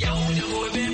Yau da gobe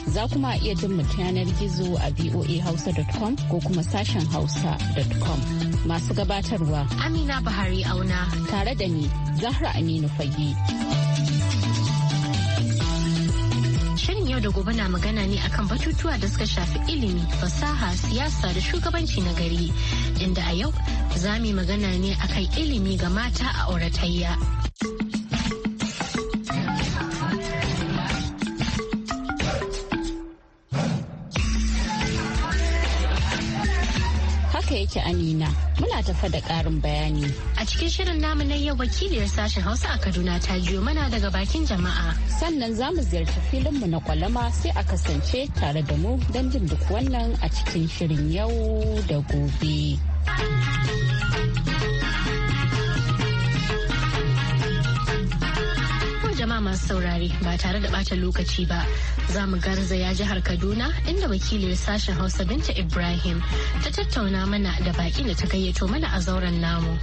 Za kuma iya jin mu yanar gizo a voahausa.com ko kuma sashen hausa.com. Masu gabatarwa Amina Buhari Auna tare da ni Zahra Aminu Fage. Shirin yau da gobe na magana ne akan batutuwa da suka shafi ilimi, fasaha, siyasa da shugabanci na gari, inda a yau za mu magana ne akan ilimi ga mata a auratayya. take Amina. Muna tafa da ƙarin bayani. A cikin shirin namu na yau wakiliyar sashen Hausa a Kaduna ta jiyo mana daga bakin jama'a. Sannan za mu ziyarci mu na kwalama sai a kasance tare da mu don jin duk wannan a cikin shirin yau da gobe. masu saurare ba tare da bata lokaci ba za mu garzaya jihar Kaduna inda wakilin sashen Hausa Binta Ibrahim ta tattauna mana da baƙin da ta gayyato mana a zauren namu.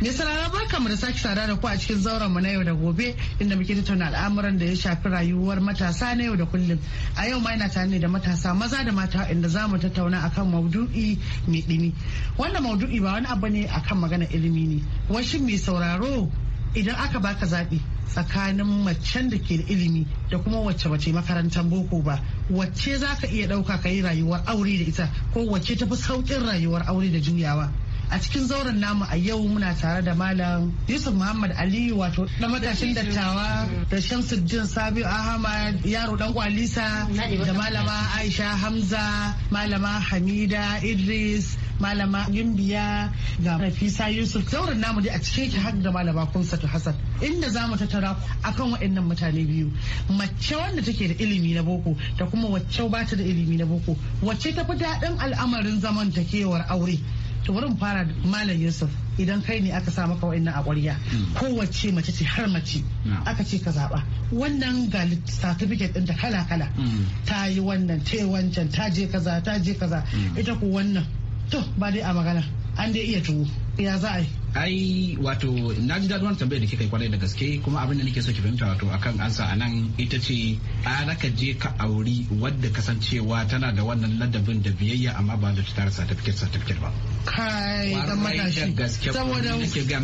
me sarara barka mu da sake sada da ku a cikin zauren mu na yau da gobe inda muke tattauna al'amuran da ya shafi rayuwar matasa na yau da kullum. A yau ma ina tare ne da matasa maza da mata inda za mu tattauna akan maudu'i mai dini Wannan maudu'i ba wani abu ne akan magana ilimi ne. Wasu mai sauraro idan aka baka zaɓi tsakanin macen da ke da ilimi da kuma wacce mace makarantar boko ba wacce za ka iya ɗauka ka yi rayuwar aure da ita ko wacce fi sauƙin rayuwar aure da juyawa a cikin zauren namu a yau muna tare da malam yusuf muhammad aliyu wato da matashin dattawa da shamsuddin sabiu ahmad yaro dan kwalisa da malama aisha hamza malama hamida idris malama gimbiya ga rafisa yusuf taurin namu dai a cike ki har da malama kunsatu hassan inda za mu tattara akan waɗannan mutane biyu mace wanda take da ilimi na boko da kuma wacce ba ta da ilimi na boko wacce ta fi daɗin al'amarin zaman kewar aure to bari fara malam yusuf idan kai ne aka sa maka wa'annan a ƙwarya hmm. kowace mace ce har mace aka ce ka zaɓa wannan ga certificate ta kala kala hmm. ta yi wannan ta yi wancan ta je kaza ta je kaza hmm. ita ko wannan to ba dai a magana an dai iya tuwo ya za a yi ai wato na ji daɗin tambayar da kika yi kwarai da gaske kuma abin da nake so ki fahimta wato akan ansa a nan ita ce a ka je ka auri wadda kasancewa tana da wannan ladabin da biyayya amma ba da ta tara certificate certificate ba kai da matashi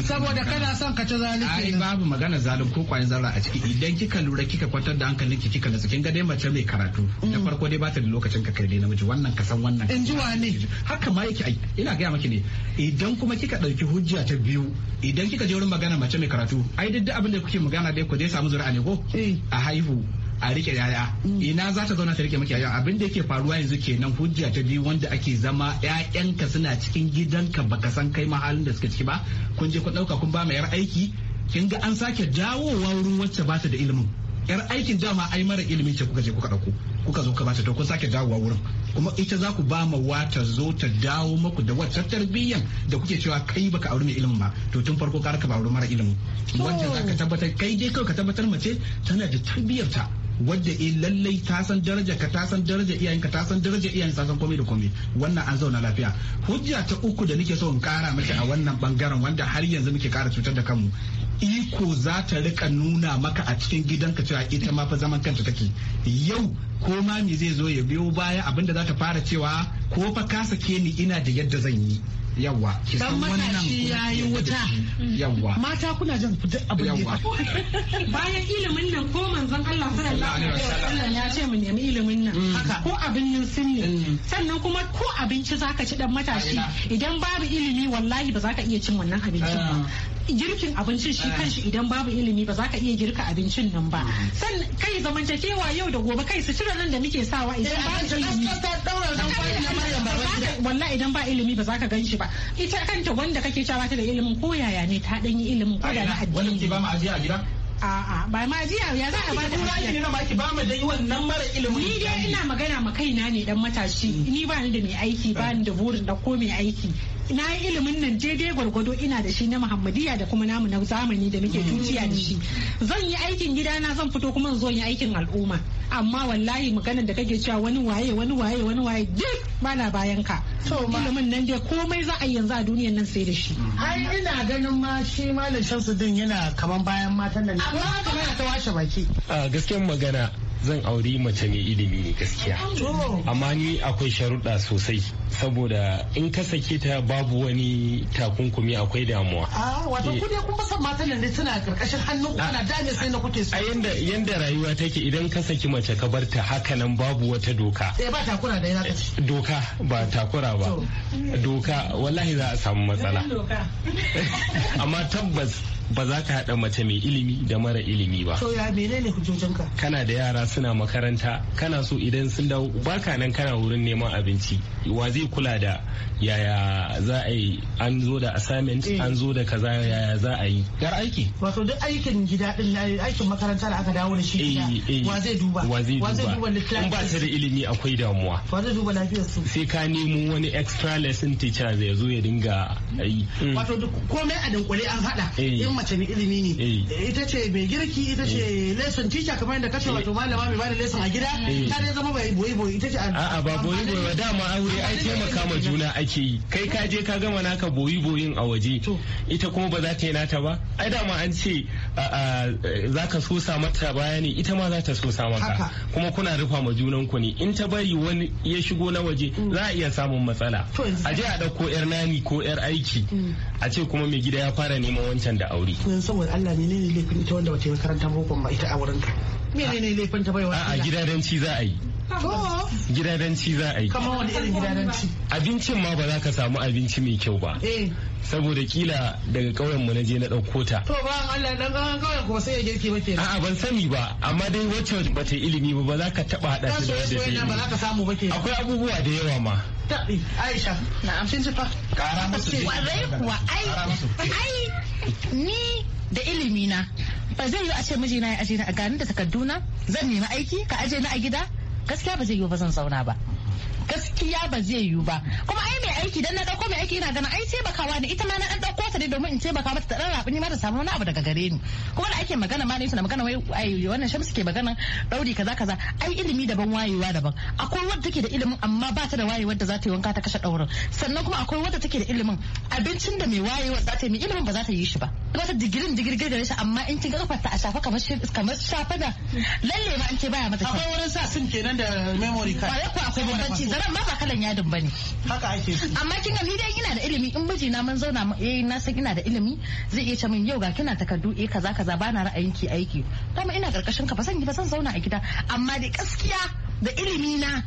saboda kana son ka ci zalunci ai babu magana zalun ko kwayan zarra a ciki idan kika lura kika kwantar da hankalin ki kika nasu kin ga dai mace mai karatu mm. da farko dai bata da lokacin ka kai dai namiji wannan ka san wannan in ji wane haka ma yake ina gaya maki ne idan kuma kika dauki hujja ta biyu idan kika je wurin magana mace mai karatu ai duk abin da kuke magana dai ku dai samu zuri'a ne ko eh. a haihu a rike yaya mm. ina za ta zauna ta rike maka yaya abin yake faruwa yanzu kenan hujja ta biyu wanda ake zama ƴaƴanka suna cikin gidanka baka san kai ma da suka ciki ba kun je kun ɗauka kun ba ma yar aiki kin ga an sake dawowa wurin wacce ba ta da ilimin yar aikin dama ai mara ilimin ce kuka je kuka dauko kuka zo ka ta to kun sake dawowa wurin kuma ita za ku ba ma wata zo ta dawo maku da wata tarbiyyan da kuke cewa kai baka auri mai ilimin ba to tun farko ka ba auri mara ilimin wanda za ka tabbatar kai dai kawai ka tabbatar mace tana da tarbiyyar ta wadda eh lallai ta san daraja ka ta san daraja iyayen ka ta san daraja iyayen ta san komai da komai wannan an zauna lafiya hujja ta uku da nake so in kara miki a wannan bangaren wanda har yanzu muke kara cutar da kanmu iko za ta rika nuna maka a cikin gidanka cewa ita ma fa zaman kanta take yau ko ma me zai zo ya biyo baya abinda za ta fara cewa ko fa ka sake ni ina da yadda zan yi yawa Dan matashi ya yi wuta yawa mata kuna jin abu ne bayan ilimin nan ko manzon Allah sallallahu alaihi wasallam ya ce mu nemi ilimin nan mm. haka ko abin nan sunni mm. sannan kuma ko abinci zaka ci dan matashi idan babu ilimi wallahi ba za ka iya cin wannan abincin ba ah. girkin abincin shi eh. kanshi idan babu ilimi ba za ka iya girka abincin nan ba mm. san kai zamantakewa yau da gobe kai cire nan da muke sawa idan eh, ba ilimi wallahi idan ba ilimi ba za ka gan shi ba ita kanta wanda kake cewa ta da ilimin ko yaya ne ta danyi ilimin ko da na addini wannan ke ba mu ajiya a gida A'a ba ma jiya ya za a da ajiya. Ni ba ki ba mu dai wannan mara ilimin. Ni dai ina magana ma kaina ne dan matashi. Ni ba ni da mai aiki ba ni da burin da ko mai aiki. na yi ilimin nan daidai gwargwado ina da shi na muhammadiya da kuma namu na zamani da muke tuciya da shi zan yi aikin gida na zan fito kuma zo yi aikin al'umma amma wallahi maganar da kake cewa wani waye wani waye wani waye duk bana bayan ka ilimin nan dai komai za a yi yanzu a duniyar nan sai da shi ai ina ganin ma shi malam shamsuddin yana kaman bayan matan nan amma ta washe baki gaskiyar magana zan auri mace mai ilimi ne gaskiya amma ni akwai sharuɗa sosai saboda in ka sake ta babu wani takunkumi akwai damuwa a ah, wato ku dai kun ba san matan nan suna karkashin hannun ku ana ah. dame sai na kuke so a yanda yanda rayuwa take idan ka saki mace ka bar ta haka nan babu wata doka eh ba takura da yana doka ba takura ba doka wallahi za a samu matsala amma tabbas ba za ka haɗa mace mai ilimi da mara ilimi ba. To ya menene hujjojinka? Kana da yara suna makaranta kana so idan sun dawo baka nan kana wurin neman abinci wa zai kula da yaya za a yi an zo da assignment eh. an zo da kaza yaya za a yi. Yar aiki. Wato duk aikin gida din aikin makaranta da aka dawo da shi gida eh, eh. wa zai duba. Wa zai duba. In ba ta da ilimi akwai damuwa. Wa zai duba lafiyar su. Sai ka nemo wani extra lesson teacher zai zo ya dinga yi. Wato komai a dunkule an haɗa. mace ne ilimi ne eh. ita ce mai girki ita ce eh. lesson teacher kamar yadda kace wato eh. malama mai bada lesson a gida ta dai zama bai boye boye ita ce a'a ba boye boye ba dama aure ai taimaka ma juna ake yi kai ka je ka gama naka boyi boyin a waje ita kuma ba za ta yi nata ba ai dama an ce za ka sa mata bayani ita ma za ta so sa maka kuma kuna rufa ma junan ku ne in ta bari wani ya shigo na waje mm. za a iya samun matsala a je a dauko yar nani ko yar aiki mm. a ce kuma mai gida ya fara neman wancan da aure aure kun saboda Allah ne ne laifin ita wanda bata yi makarantar boko ba ita a wurin ka ne laifin ta baiwa a gidadanci za a yi gidadanci za a yi kamar wani irin gidadanci abincin ma ba za ka samu abinci mai kyau ba eh. saboda kila daga kauyen mu na je na dauko ta to ba Allah dan kauyen ko sai ya girki ba ke a'a ban sani ba amma dai wacce ba ta ilimi ba ba za ka taba hada ta da ilimi ba za ka samu ba kenan akwai abubuwa da yawa ma Aisha Na sun ji fa kara musu ai ai ni da ilimi na ba zai yi a ce mijina ya aje na a garin da takarduna zan nemi aiki ka aje na a gida gaskiya ba zai yi ba zan zauna ba gaskiya ba zai yiwu ba kuma ai mai aiki dan na dauko mai aiki ina gana ai taimakawa ne ita ma na dan dauko ta ne domin in taimaka mata ta dan rabu ni ma ta samu wani abu daga gare ni kuma da ake magana ma ne suna magana wai ai wannan shamsu ke magana dauri kaza kaza ai ilimi daban wayewa daban akwai wadda take da ilimin amma ba ta da wayewar da za ta yi wanka ta kashe daurin sannan kuma akwai wadda take da ilimin abincin da mai wayewar za ta yi mai ilimin ba za ta yi shi ba wata digirin digirgir da shi amma in kin ga ta a shafa kamar kamar shafa da lalle ma an ce baya mata akwai wurin sa sun kenan da memory card akwai bambanci zaren ba ba kalan yadin bane haka ake amma kin ga dai ina da ilimi in miji na mun zauna eh na san ina da ilimi zai iya ce min yau ga kina takardu eh kaza kaza ba na ra'ayin ki aiki dama ina karkashin ka ba san ba san zauna a gida amma da gaskiya da ilimi na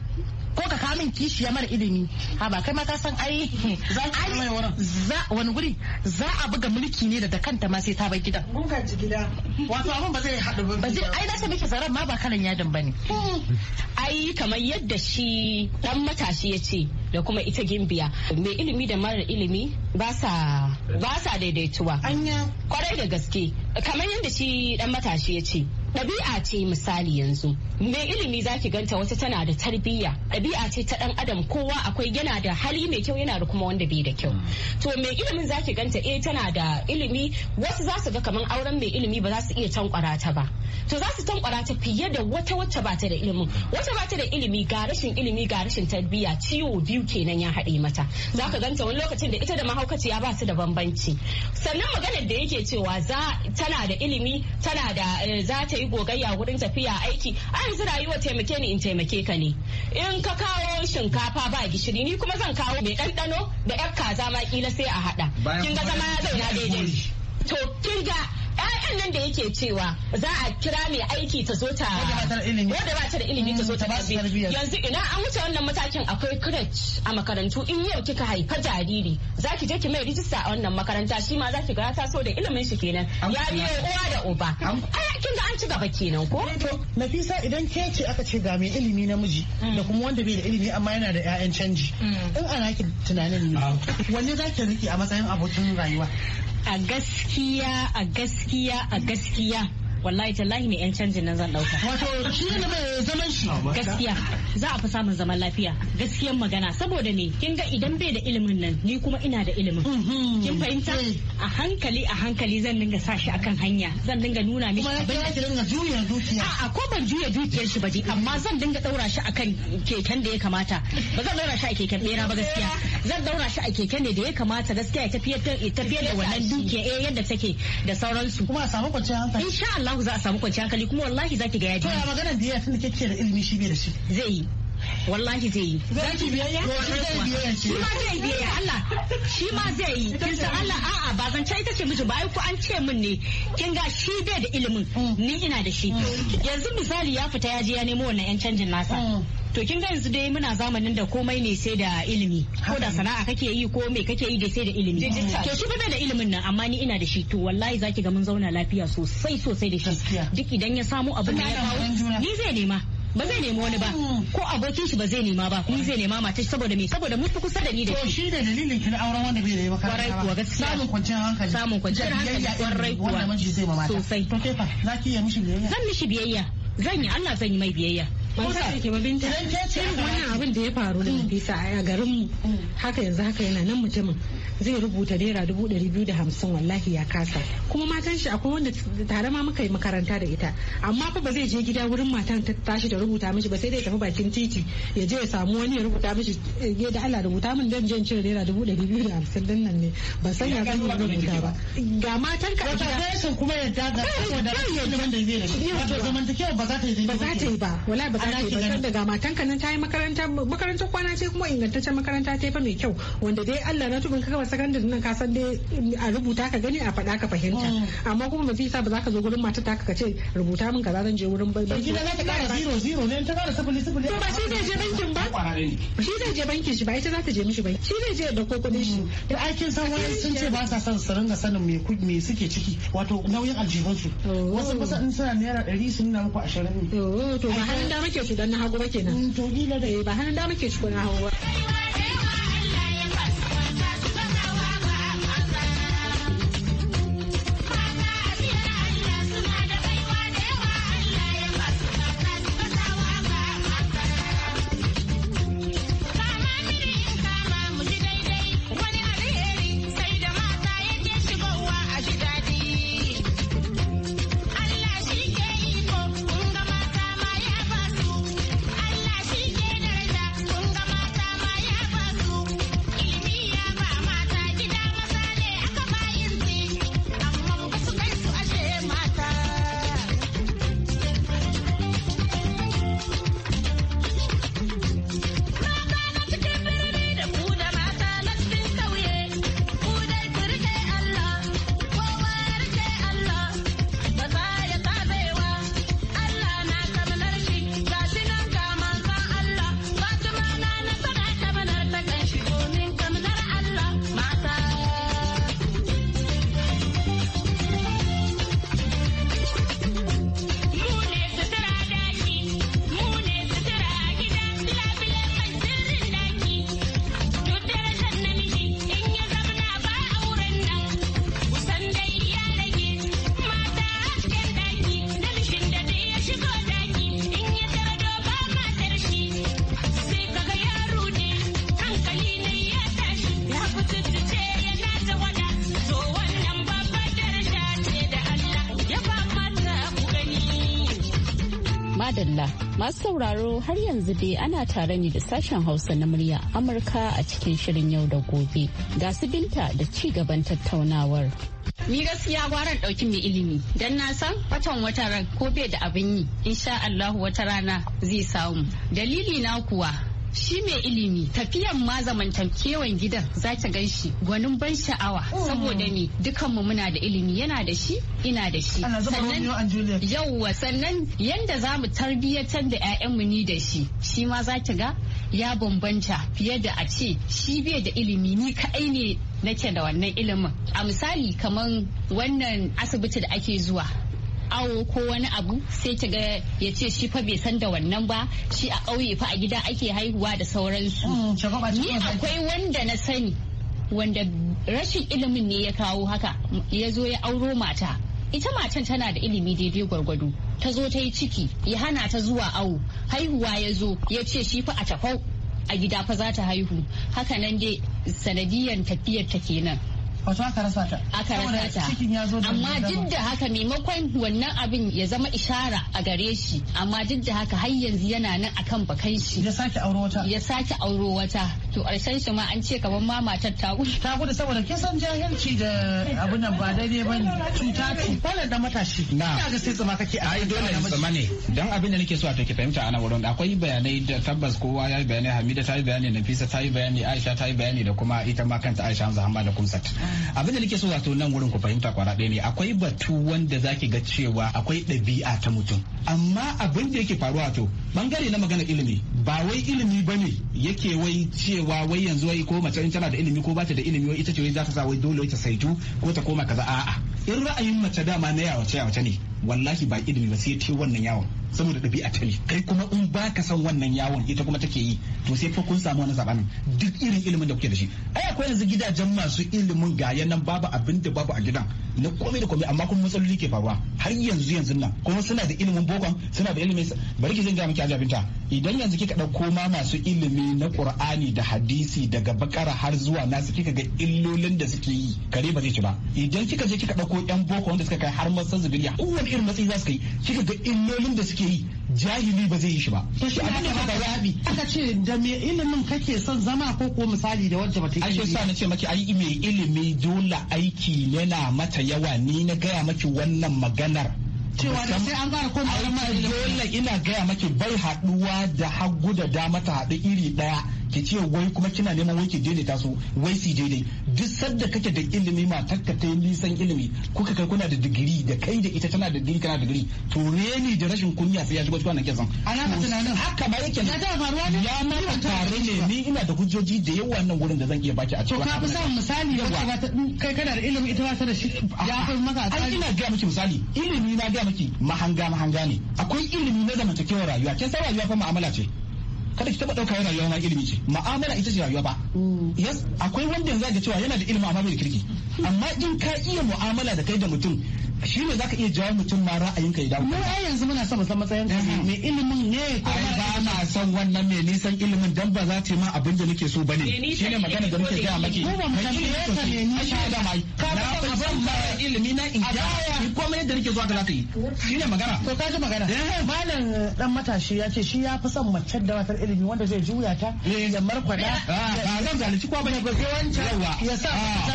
ko ka kamin kishiya mara ilimi ha ba kai ma ka san ai za a mai wurin za wani guri za a buga mulki ne da kanta ma sai ta bar gidan gugan ji gida wato abin ba zai haɗu ba zai ai na san miki zaran ma ba kalan yadin bane ai kamar yadda shi dan matashi ya ce da kuma ita gimbiya mai ilimi da mara ilimi ba sa ba sa daidaituwa kwarai da gaske kamar yadda shi dan matashi ya ce ɗabi'a ce misali yanzu mai ilimi za ki ganta wata tana da tarbiyya ɗabi'a ce ta ɗan adam kowa akwai yana da hali mai kyau yana da kuma wanda bai da kyau to mai ilimin za ki ganta eh tana da ilimi wasu za su ga kamar auren mai ilimi ba za su iya tankwara ta ba to za su tankwara ta fiye da wata wacce ba ta da ilimin wacce ba ta da ilimi ga rashin ilimi ga rashin tarbiyya ciwo biyu kenan ya haɗe mata za ka ganta wani lokacin da ita da mahaukaciya ba su da bambanci sannan maganar da yake cewa za tana da ilimi tana da eh, za ta yi gogayya wurin tafiya aiki a yanzu rayuwa taimake ni in taimake ka ne in ka kawo shinkafa ba gishiri ni kuma zan kawo mai ɗanɗano da yar kaza ma kila sai a haɗa kin ga zama ya zauna daidai to kin ga ƴaƴan nan da yake cewa za a kira mai aiki ta zo ta wanda ba ta da ilimi ta zo ta mm, yanzu ina an wuce wannan matakin akwai crèche a makarantu in yau kika haifa jariri zaki je ki mai rijista a wannan makaranta shi ma zaki ga ta so da ilimin shi kenan ya biyo uwa da uba ai kin ga an ci gaba kenan ko eh, to nafisa idan ke ce aka ce ga mai ilimi namiji mm. da kuma wanda bai da ilimi amma yana da ƴaƴan canji mm. in ana ki tunanin ne ah. wanne zaki riki a matsayin abokin rayuwa a gaskiya a gaskiya a gaskiya wallahi tallahi ne yan canjin nan zan dauka wato shi ne mai zaman shi gaskiya za a fi samun zaman lafiya gaskiyan magana saboda ne kin ga idan bai da ilimin nan ni kuma ina da ilimin mhm. kin fahimta eh. a hankali a hankali zan dinga sa shi akan hanya zan dinga nuna mishi abin da dinga juya dukiya a ko ban juya dukiyar shi ba dai amma zan dinga daura shi akan keken da ya kamata ba zan daura shi a keken bera ba gaskiya zan daura shi a keken ne da ya kamata gaskiya ya tafiyar da wannan dukiya eh yadda take da sauransu kuma a samu kwanciyar hankali insha Allah Allahu za a samu kwanciyar hankali kuma wallahi za ki ga yaji. To ya maganar biya tun da kake da ilimi shi bai da shi. Zai yi. wallahi zai yi zaki biyayya Ko shi ma zai biyayya Allah shi ma zai yi kin san Allah a'a ba zan ce ita ce miji ba ku an ce min ne kin ga shi bai da ilimin ni ina da shi yanzu misali ya fita ya je ya nemo wannan yan canjin nasa mm. to kin ga yanzu dai muna zamanin da komai ne sai da ilimi ko da sana'a kake yi ko me kake yi da sai da ilimi to shi bai da ilimin nan amma ni ina da shi to wallahi zaki ga mun zauna lafiya sosai sosai da shi duk idan ya samu abu da ya kawo ni zai nema ba zai nemi wani ba mm. ko abokin shi ba zai nema ba ni zai nema mata saboda me saboda mun fi kusa da ni da shi to shi da dalilin kin auren wanda bai da yawa kwarai kuwa gaskiya samun kwanciyar hankali samun kwanciyar hankali kwarai kuwa wanda mun shi zai ma mata sosai to kefa zaki iya mishi biyayya zan mishi biyayya zan yi Allah zan yi mai biyayya ban sa yake ba binta wannan abin da ya faru da bisa mm. a garin mu mm. haka yanzu haka yana nan mutumin zai rubuta naira dubu ɗari biyu da hamsin wallahi ya kasa kuma matan shi akwai wanda tare ma muka yi makaranta da ita amma fa ba zai je gida wurin matan ta tashi da rubuta mishi ba sai dai tafi bakin titi ya je ya samu wani ya rubuta mishi ya eh, da Allah rubuta min dan jan cire naira dubu ɗari biyu da hamsin din nan ne ba san ya zan rubuta ba ga matan ka a gida kuma yadda ga saboda ilimin da zai da shi wato zamantakewa ba za ta yi ba wala ba Ana ki ba daga matanka nan ta yi makaranta makarantar kwana ce kuma ingantaccen makaranta ta fa mai kyau wanda dai Allah na tubin kaka sakandare nan ka san dai a rubuta ka gani a faɗa ka fahimta mm. amma kuma ba sa ba za ka zo gurin matar ta ka ce rubuta min kaza zan je wurin ba ki za ta kara zero zero ne ta kara sifili sifili ba shi zai je bankin ba shi zai je bankin shi ba ita za ta je mishi ba shi zai je mm. da ko kudin shi da aikin san wani sun ce ba sa son su ringa sanin me me suke ciki wato nauyin aljihun su oh. wasu kusa in suna naira 100 sun na muku 20 ne oh, to ba halin da ke ci don na hagu ba kenan mm, eh, ba hannun dama ke ci ko na hagu ba Masu sauraro har yanzu dai ana tare ne da sashen Hausa na murya Amurka a cikin shirin yau da gobe. Ga su binta da ci gaban tattaunawar. Ni gaskiya gwaran ɗauki mai ilimi don na san watan wata ran ko bai da abin yi insha Allahu wata rana zai samu. Dalili na kuwa shi mai ilimi tafiyan ma zamantakewan gidan zaki gan shi gwanin ban sha'awa mm. saboda ni dukanmu muna da ilimi yana da shi ina da shi sannan yauwa sannan yanda za mu tarbiyyatar da 'ya'yanmu ni da shi shi ma za ta ga ya bambanta fiye da a ce shi bai da ilimi ni kaɗai ne nake da wannan ilimin a misali kamar wannan asibiti da ake zuwa awo ko wani abu sai ta ga ya ce shi fa bai san da wannan ba shi a ƙauye fa a gida ake haihuwa da sauransu mm, ni akwai wanda na sani wanda rashin ilimin ne ya kawo haka ya zo ya auro mata ita matan tana da ilimi daidai gwargwado ta zo ta yi ciki ya hana ta zuwa awo haihuwa ya zo ya ce shi fa a tafau a gida fa za ta haihu haka nan dai sanadiyar tafiyar ta kenan wato aka rasa ta aka rasa ta amma duk da haka maimakon wannan abin ya zama ishara a gare shi amma duk da haka har yanzu yana nan akan bakan shi ya sake auro wata ya sake auro wata to ƙarshen su ma an ce kaman ma matar ta gudu ta gudu saboda kin san jahilci da abun nan ba daidai bane cuta ce wannan da matashi na ga sai tsama kake ai dole ne tsama ne dan abin da nake so a take ki fahimta ana wurin akwai bayanai da tabbas kowa ya yi bayanai Hamida ta yi bayani Nafisa ta yi bayani Aisha ta yi bayani da kuma ita ma kanta Aisha Hamza Hamma da Kumsat ah. abin da nake so wato nan wurin ku fahimta kwara ɗaya ne akwai batu wanda zaki ga cewa akwai ɗabi'a ta mutum amma abin da yake faruwa to bangare na magana ilimi ba wai ilimi ba ne yake wai cewa wai yanzu wai ko mace in tana da ilimi ko bata da ilimi wai ita ce wai za ta sa wai dole ta saitu ko ta koma kaza a'a in ra'ayin mace dama na yawace yawace ne wallahi ba ilimi ba sai ce wannan yawon saboda ɗabi'a ta ne kai kuma in ba ka san wannan yawon ita kuma take yi to sai fa kun samu wani zaɓen duk irin ilimin da kuke da shi ai akwai yanzu gidajen masu ilimin ga nan babu abin da babu a gidan na komai da komai amma kuma matsaloli ke faruwa har yanzu yanzu nan kuma suna da ilimin bokon suna da ilimin bari ki zanga miki ajabinta idan yanzu kika ɗauko ma masu ilimi na qur'ani da hadisi daga bakara har zuwa nasu kika ga illolin da suke yi kare ba zai ci ba idan kika je kika ɗauko yan boko wanda suka kai har masan zubiriya kowane irin matsayi za su kai kika ga illolin da suke yi jahili ba zai yi shi ba. To shi abin da ba zaɓi. Aka ce da me ilimin kake son zama ko ko misali da wacce bata yi. Ai sai na ce maki ai me ilimi dole aiki yana mata yawa ni na gaya maki wannan maganar. Cewa da sai an gara ko ma'aikata. Dole ina gaya maki bai haɗuwa da hagu da dama ta haɗu iri ɗaya. ki ce wai kuma kina neman wai ki daidaita su wai si daidai duk sadda kake da ilimi matarka ta nisan ilimi kuka kai kuna da digiri da kai da ita tana da digiri kana da digiri to reni da rashin kunya sai ya shigo cikin wannan kisan ana ma tunanin haka ba yake ya taba faruwa ne ya ma tare ne ni ina da hujjoji da yawa nan wurin da zan iya baki a cikin to ka fi sa misali yawa kai kana da ilimi ita ba ta da shi ya fi maka ai ina ga miki misali ilimi na ga miki mahanga mahanga ne akwai ilimi na zamantakewar rayuwa kin san rayuwa fa mu'amala ce kada ki taba dauka yana rayuwa ma ilimi ce ma'amala ita ce rayuwa ba mm. yes akwai wanda yanzu ga cewa yana da ilimi amma bai da kirki amma in ka iya mu'amala da kai da mutum shi ne zaka iya jawo mutum ma ra'ayinka idan mu ai yanzu muna son san matsayin ka me ilimin ne ko ai ba na son wannan me nisan ilimin dan ba za ta yi ma abin da nake so bane shi ne magana da muke ga maki ko ba mu san ka ne ni ka da mai ka ba san ba ilimi na in ga komai yadda nake zuwa ka za ta yi shi ne magana to ka ji magana eh. malam eh, dan matashi ya ce shi ya fi son mace da matar ilimi wanda zai juya ta eh. ya markwada ah, ba zan zalunci ko bane ko sai wancan ya sa ah.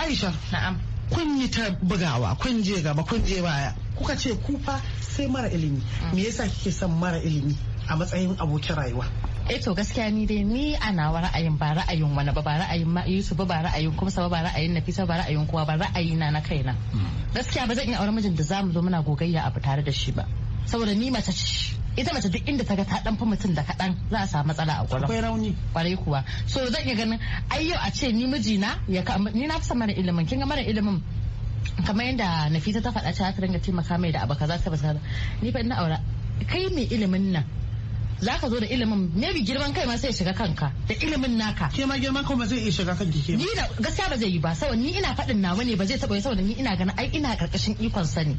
Aisha na'am kun yi ta bugawa kun je gaba kun je baya kuka ce kufa sai mara ilimi mm. me yasa kike son mara ilimi a matsayin abokin rayuwa eh to gaskiya ni dai ni ana wa ra'ayin ba ra'ayin wani ba ba ra'ayin Yusuf ba ba ra'ayin kuma sa ba ra'ayin Nafisa ba ra'ayin kowa ba ra'ayi na na kaina mm. gaskiya ba zan iya aure mijin da zamu zo muna gogayya abu tare da shi ba saboda ni mace ce ita mace duk inda ta ga ta dan fi mutum da kaɗan za a samu matsala a gurin akwai rauni kwarai kuwa so zan iya ganin ai yau a ce ni mijina ya ni na fi mana mara ilimin kin ga mara ilimin kamar yadda nafisa ta faɗa ta ringa taimaka mai da abu kaza ta ba ni fa ina aura kai mai ilimin nan za ka zo da ilimin bi girman kai ma sai shiga kanka da ilimin naka ke ma girman kai ba zai iya shiga kanki ke ni da gaskiya ba zai yi ba saboda ni ina faɗin nawa ne ba zai taɓa yi saboda ni ina ganin ai ina karkashin ikon ne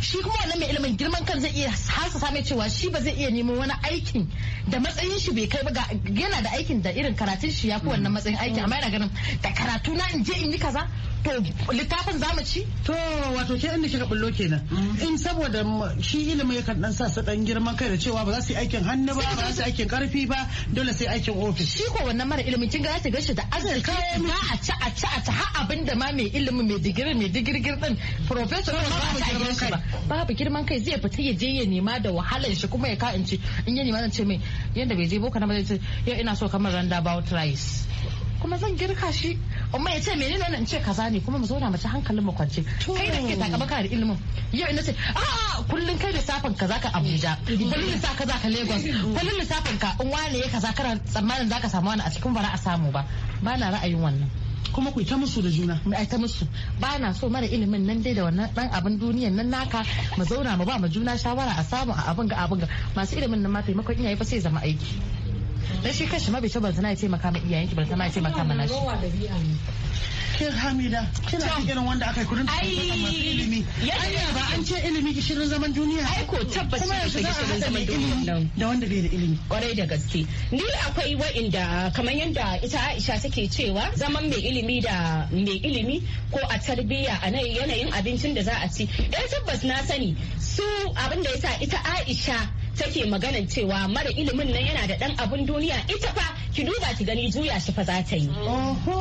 shi kuma wannan mai ilimin girman kan zai iya hasa same cewa shi ba zai iya neman wani aikin da matsayin shi bai kai ba yana da aikin da irin karatun shi ya fi wannan matsayin aikin amma yana ganin da karatu na in je in yi kaza to littafin zamu ci to wato ke inda kika bullo kenan mm. in saboda shi ilimi yakan dan sa su dan girman kai da cewa ba za su yi aikin hannu ba ba su aikin karfi ba dole sai aikin ofis shi ko wannan mara ilimin kin ga ta gashi da arziki ba a ci a ci a ci har abin da ma mai ilimi mai digiri mai digirgir din professor ba a ci a shi ba babu girman kai zai fita ya je ya nema da wahalar shi kuma ya ka'inci in ya nema zan ce mai yanda bai je boko na ba zai ce ya ina so kamar randa about rice kuma zan girka shi amma ya ce menene wannan ce kaza ne kuma mu zauna mace hankalin mu kwance kai da ke takama kana da ilimin yau ina ce a kullun kai lissafin ka zaka Abuja kullun lissafin ka zaka Lagos kullun lissafin ka in wane ya kaza kana tsammanin zaka samu wani a cikin bara a samu ba ba na ra'ayin wannan kuma ku ta musu da juna mu ta musu ba na so mara ilimin nan dai da wannan dan abin duniyan nan naka mu zauna mu ba mu juna shawara a samu a abin ga abin ga masu ilimin nan ma taimakon iyaye fa sai zama aiki dan shi kanshi ma bai ce balantana ya taimaka ma iyayenki balantana ya taimaka ma nashi Kin Hamida, kina cikin irin wanda aka yi kudin tsaye masu ilimi. Anya ba an ce ilimi gishirin zaman duniya. Ai ko tabbas kuma yaushe gishirin zaman duniya. da wanda bai da ilimi. Kwarai da gaske. Ni akwai wa'inda kamar yadda ita Aisha take cewa zaman mai ilimi da mai ilimi ko a tarbiyya a yanayin abincin da za a ci. Dan tabbas na sani su abin da ya sa ita Aisha take magana cewa mara ilimin nan yana da dan abun duniya ita fa ki duba ki gani juya shi fa za ta yi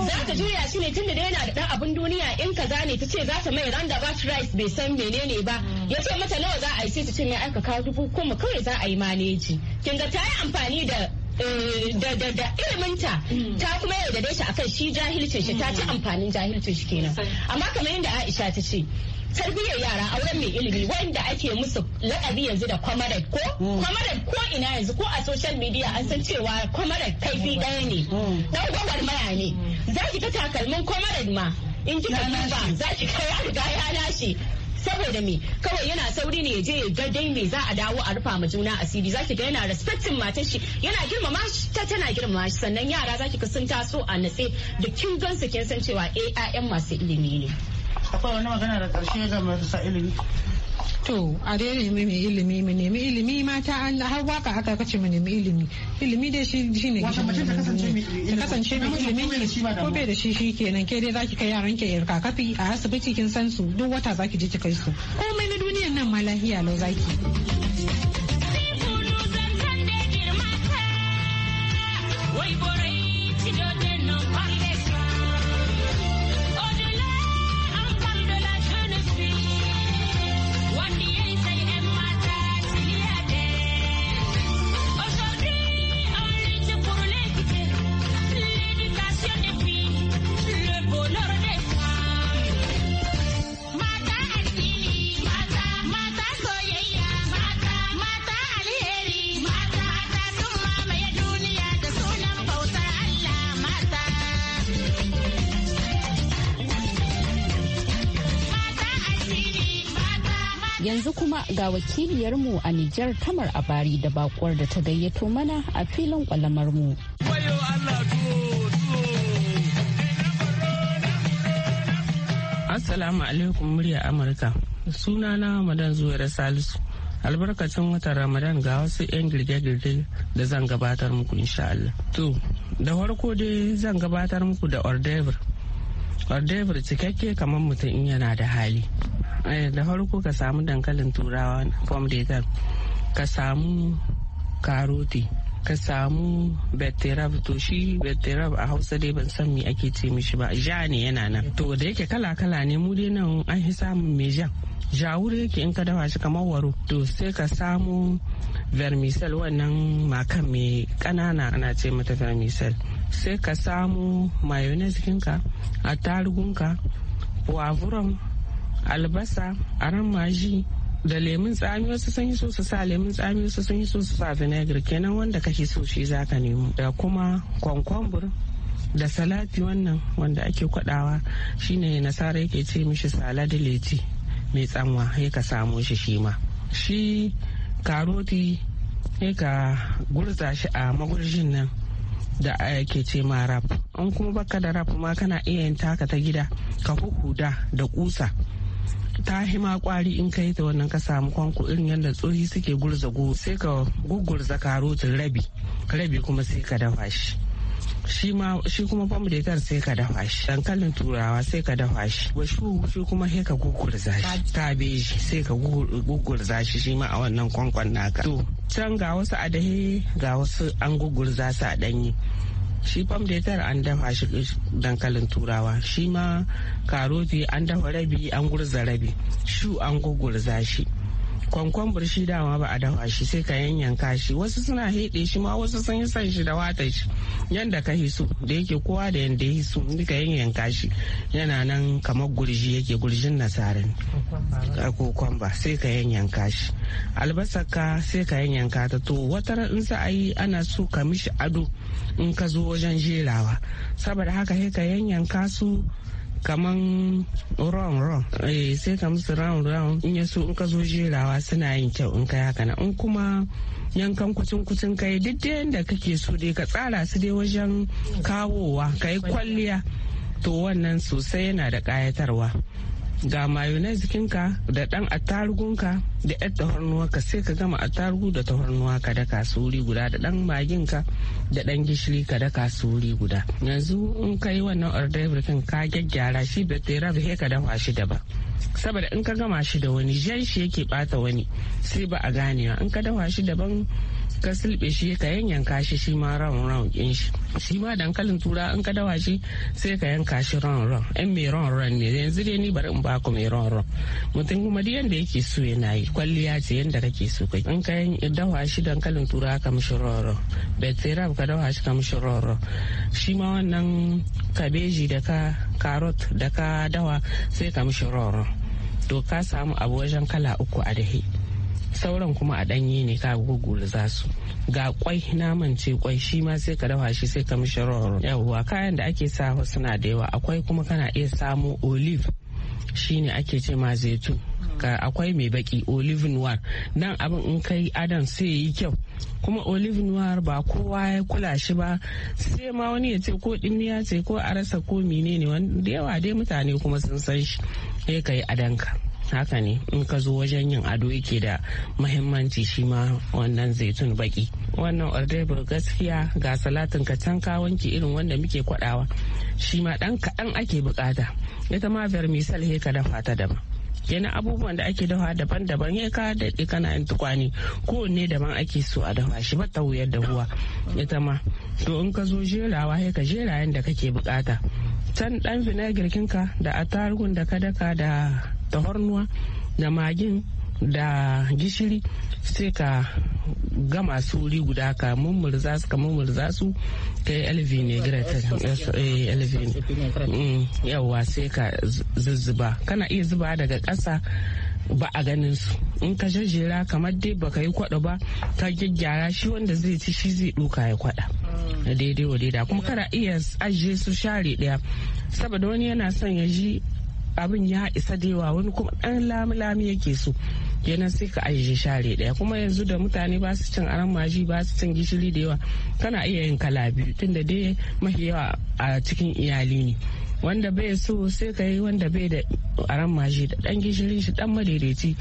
za ta juya shi ne tunda da yana da dan abun duniya in ka ne ta ce za ta mai randa ba rice bai san menene ba mm. ya ce mata nawa za a yi sai ta ce mai aika kawo dubu kuma kawai za a yi maneji kin ga ta yi amfani da eh, da da da iliminta mm. ta kuma yaudare shi akan shi jahilcin shi ta ci mm. amfanin jahilcin shi kenan amma kamar yadda Aisha ta ce tarbiyyar yara a wurin mai ilimi wanda ake musu lakabi yanzu da comrade ko hmm. comrade ko ina yanzu ko a social media an san cewa comrade kaifi daya hmm. ne dan hmm. gwagwarmaya ne zaki ta takalmin comrade ma in kika duba zaki kai ya riga ya lashe saboda me kawai yana sauri ne je ya ga dai me za a dawo a rufa ma juna asiri zaki ga yana respecting matar shi yana girmama shi ta tana girmama shi sannan yara zaki ga sun taso a natse da kin gansu kin san cewa ai masu ilimi ne akwai wani magana da karshe ga marasa ilimi to a dai nemi mai ilimi mu nemi ilimi mata Allah har waka haka kace mu nemi ilimi ilimi dai shi shi ne mace ta kasance mai ilimi ko bai da shi shi kenan ke dai zaki kai yaran yarka kafi a asibiti kin san su duk wata zaki je ki kai su komai na duniyar nan ma lafiya lau zaki Yanzu kuma ga wakiliyarmu a Nijar Tamar Abari da bakuwar da ta gayyato mana a filin mu. Assalamu alaikum murya Amurka. suna Sunana Madan Zuwaira Salisu. albarkacin watan ramadan ga wasu 'yan girge-girge da zan gabatar muku insha Allah. to da farko dai zan gabatar muku da ordevir ordevir cikakke kamar mutum in yana da hali Eh, da farko ka samu dankalin turawa form de gar ka samu karoti ka samu betterab to shi betterab a hausa dai ban san me ake ce mishi ba ja ne yana nan to da yake kala kala ne mu dai nan an fi samun mai ja jawuri yake in ka dafa shi kamar waro to sai ka samu vermicell wannan makan mai kanana ana ce mata vermicell sai ka samu mayonnaise kinka attarugunka poivron albasa aran maji da lemun tsami wasu sun yi so su sa lemun tsami wasu sun yi so su sa vinegar kenan wanda kake so shi ka nemo da kuma kwankwambur da salati wannan wanda ake kwadawa shine nasara yake ce mishi saladi leti mai tsanwa ya ka samo shi shi ma shi karoti ya ka gurza shi a magurjin nan da ake ce ma rap in kuma baka da rap ma kana iya yin taka ta gida ka huhuda da kusa ta hima kwari in kai ta wannan ka samu kwanku irin yadda tsohi suke gurza go sai ka gugurza karotin rabi rabi kuma sai ka dafa shi shi ma shi kuma pomdatar sai ka dafa shi dankalin turawa sai ka dafa shi washu shi kuma sai ka gugurza shi kabeji sai ka gugurza shi shi ma a wannan kwankwan naka to can ga wasu adahi ga wasu an gugurza su a danyi shi fam an dafa shi dankalin turawa shi ma karoti an dafa rabi an gurza rabi shu an gurza shi kwankwambur shi dama ba a dafa shi sai ka yanyanka shi wasu suna heɗe shi ma wasu sun yi san shi da watan shi yanda ka hisu da yake kowa da yanda ya hisu ka yanyanka shi yana nan kamar gurji yake gurjin nasarin kokwamba sai ka yanyanka shi albasarka sai ka yanyanka ta to wata in sa a yi ana so ka mishi ado in ka zo wajen jerawa saboda haka sai ka yanyanka su kaman round round eh sai ka musu round round in yasu in ka zo jerawa suna yin kyau in kai haka na in kuma yankan kucin kucin kai duk da kake so dai ka tsara su dai wajen kawowa kai kwalliya to wannan sosai yana da ƙayatarwa. ga mayonnaise kinka da dan attarugunka da yar ka sai ka gama attarugu da tafarnuwa ka daka su wuri guda da dan maginka da dan gishiri ka daka su wuri guda yanzu in ka yi wannan ordebre kin ka gyaggyara shi bai sai ka dafa shi daban saboda in ka gama shi da wani jan shi yake bata wani sai ba a ganewa in ka dafa shi daban ka silbe shi ka yanyanka shi shi ma ran ran kin shi shi ma dankalin tura an ka dawa shi sai ka yanka shi ran ran ɗan mai ran ran ne yanzu dai ni bari in ba ku mai ran ran mutum kuma da yanda yake so yana yi kwalliya ce yanda kake so kai in ka dawa shi dankalin tura ka mishi ran ran betterab ka dawa shi ka mishi ran ran shi ma wannan kabeji da ka carrot da ka dawa sai ka mishi ran ran to ka samu abu wajen kala uku a dahi sauran kuma a ɗanye ne ka za su ga kwai naman ce kwai shi ma sai ka dafa shi sai ka mishi roro yawwa kayan da ake sa suna da yawa akwai kuma kana iya samu olive shine ake ce ma zaitun ka akwai mai baki olive noir nan abin in kai adam sai yi kyau kuma olive noir ba kowa ya kula shi ba sai ma wani ya ce ko dimniya ce ko a rasa ko menene wani da yawa dai mutane kuma sun san shi sai ka yi adanka haka ne in ka zo wajen yin ado yake da mahimmanci shi ma wannan zaitun baki wannan ordebur gaskiya ga salatin ka can ka wanke irin wanda muke kwadawa shi ma dan kaɗan ake bukata ita ma vermicell he ka dafa ta daban kenan abubuwan da ake dafa daban-daban ya ka daɗe kana yin tukwane kowanne daban ake so a dafa shi ba ta wuyar da ruwa ita ma to in ka zo jerawa he ka jera yadda kake bukata can dan vinegar kinka da attarugun da ka daka da hornuwa da magin da gishiri sai ka gama su wuri guda ka mummurza su ka mummurza su ka yi ne eh, mm, yawwa sai ka zuzzuba kana iya zuba daga ƙasa ba a ganin su in ka jajjera kamar dai baka yi kwada ba ka gyaggyara shi wanda zai ci shi zai duka ya kwada daidai wa daidai kuma kana iya ajiye su share daya saboda wani yana son ya ji abin ya isa da yawa wani kuma ɗan lami-lami yake so yana sai ka ajiye share daya kuma yanzu da mutane ba su cin aran maji ba su cin gishiri da yawa kana iya yin kala biyu tunda dai mafi yawa a cikin iyali ne wanda bai so sai ka yi wanda bai da aran maji da dan gishirin shi dan madaidaici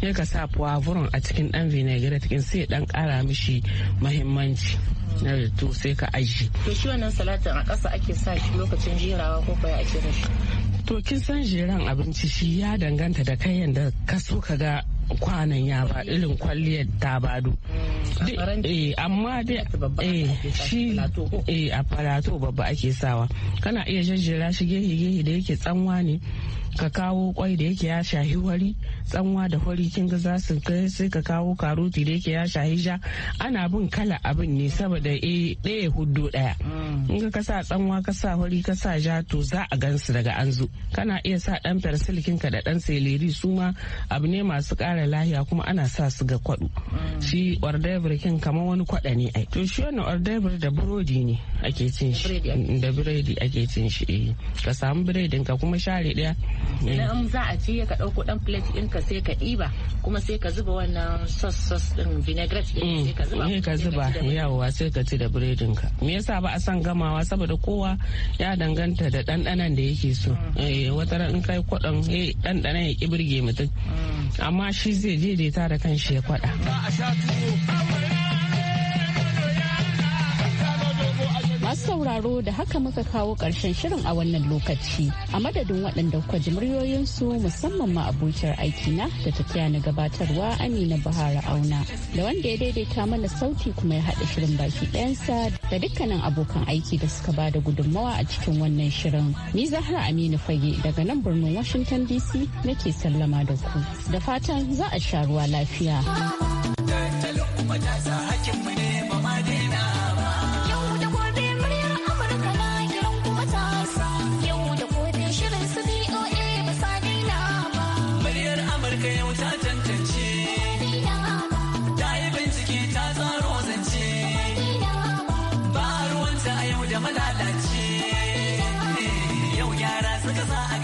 sai ka sa puwavuron a cikin dan vinaigrette kin sai dan kara mishi mahimmanci na to sai ka aji. To shi wannan salatin a ƙasa ake sa shi lokacin jerawa ko kai ake rashi. to kin san jeran abinci shi ya danganta da kayan da ka so ka ga kwanan ya ba irin kwalliyar ta do. Eh, amma dai eh, shi eh, a falato babba ake sawa kana iya jajjera shi gehe-gehe da yake tsanwa ne ka kawo kwai da yake ya shahi wari tsanwa da wari kin ga za su kai sai ka kawo karoti da yake ya shahi ja ana bin kala abin ne saboda a ɗaya hudu ɗaya mm. in ka sa tsanwa ka sa wari ka sa ja to za a gansu daga an zo kana iya sa dan persil kinka da ɗan seleri su ma abu ne masu ƙara mara lahiya kuma ana sa su ga kwaɗo mm. shi ordebur kin kamar wani kwaɗa ne ai to shi wannan ordebur da burodi ne ake cin shi da biredi ake cin shi eh. ka samu biredin ka kuma share ɗaya eh. idan za a ci ka ɗauko ɗan plate ɗin ka sai ka ɗiba kuma sai ka zuba wannan sos sos ɗin vinaigrette ɗin mm. sai ka zuba eh, ka zuba yawa sai ka ci da biredin ka me yasa ba a san gamawa saboda kowa ya danganta da ɗanɗanan da yake so mm. wata in kai kwaɗon ɗanɗanan ya ƙi birge mutum amma shi shi zai daidaita da kan shi ya kwada. sauraro da haka muka kawo ƙarshen shirin a wannan lokaci. A madadin waɗanda kuka ji muryoyinsu musamman ma abokiyar aikina da ta na gabatarwa Amina Bahara Auna. Da wanda ya daidaita mana sauti kuma ya haɗa shirin baki ɗayansa da dukkanin abokan aiki da suka ba da gudunmawa a cikin wannan shirin. Ni Zahra Aminu Fage daga nan birnin Washington DC nake sallama da ku. Da fatan za a sha ruwa lafiya.